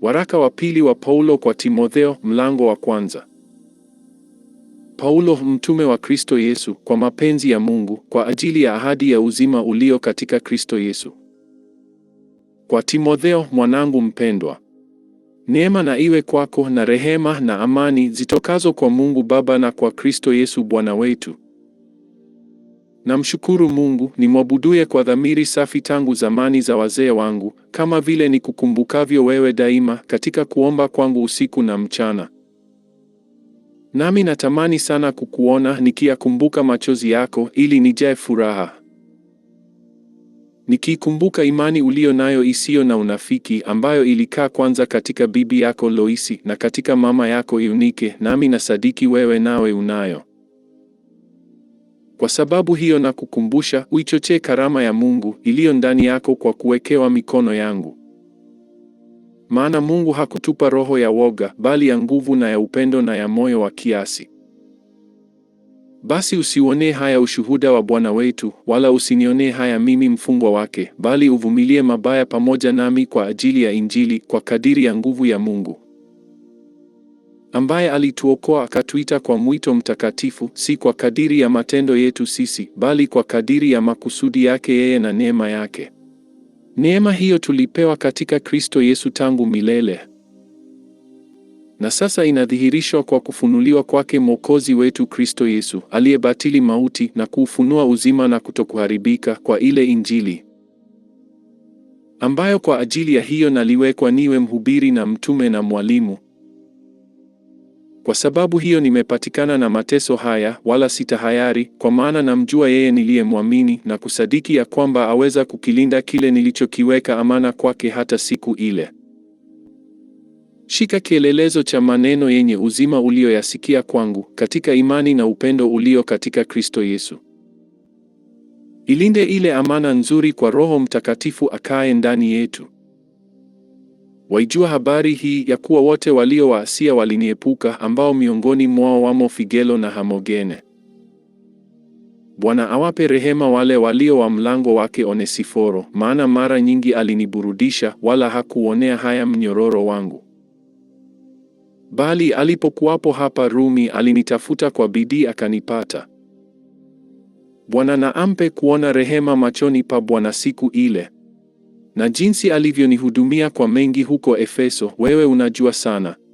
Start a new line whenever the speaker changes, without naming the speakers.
Waraka wa pili wa Paulo kwa Timotheo, mlango wa kwanza. Paulo mtume wa Kristo Yesu, kwa mapenzi ya Mungu, kwa ajili ya ahadi ya uzima ulio katika Kristo Yesu. Kwa Timotheo mwanangu mpendwa, neema na iwe kwako na rehema na amani zitokazo kwa Mungu Baba na kwa Kristo Yesu Bwana wetu. Namshukuru Mungu nimwabuduye kwa dhamiri safi tangu zamani za wazee wangu, kama vile nikukumbukavyo wewe daima katika kuomba kwangu usiku na mchana. Nami natamani sana kukuona nikiyakumbuka machozi yako, ili nijae furaha nikiikumbuka imani uliyo nayo isiyo na unafiki, ambayo ilikaa kwanza katika bibi yako Loisi na katika mama yako Eunike, nami nasadiki wewe nawe unayo. Kwa sababu hiyo na kukumbusha uichochee karama ya Mungu iliyo ndani yako kwa kuwekewa mikono yangu. Maana Mungu hakutupa roho ya woga, bali ya nguvu na ya upendo na ya moyo wa kiasi. Basi usiuonee haya ushuhuda wa Bwana wetu, wala usinionee haya mimi mfungwa wake, bali uvumilie mabaya pamoja nami kwa ajili ya Injili, kwa kadiri ya nguvu ya Mungu ambaye alituokoa akatuita kwa mwito mtakatifu, si kwa kadiri ya matendo yetu sisi, bali kwa kadiri ya makusudi yake yeye na neema yake. Neema hiyo tulipewa katika Kristo Yesu tangu milele, na sasa inadhihirishwa kwa kufunuliwa kwake Mwokozi wetu Kristo Yesu, aliyebatili mauti na kuufunua uzima na kutokuharibika kwa ile Injili ambayo kwa ajili ya hiyo naliwekwa niwe mhubiri na mtume na mwalimu. Kwa sababu hiyo nimepatikana na mateso haya, wala si tahayari, kwa maana namjua yeye niliyemwamini, na kusadiki ya kwamba aweza kukilinda kile nilichokiweka amana kwake hata siku ile. Shika kielelezo cha maneno yenye uzima uliyoyasikia kwangu, katika imani na upendo ulio katika Kristo Yesu. Ilinde ile amana nzuri kwa Roho Mtakatifu akaye ndani yetu. Waijua habari hii ya kuwa wote walio wa Asia waliniepuka, ambao miongoni mwao wamo Figelo na Hamogene. Bwana awape rehema wale walio wa mlango wake Onesiforo, maana mara nyingi aliniburudisha, wala hakuonea haya mnyororo wangu. Bali alipokuwapo hapa Rumi alinitafuta kwa bidii akanipata. Bwana na ampe kuona rehema machoni pa Bwana siku ile na jinsi alivyonihudumia kwa mengi huko Efeso, wewe unajua sana.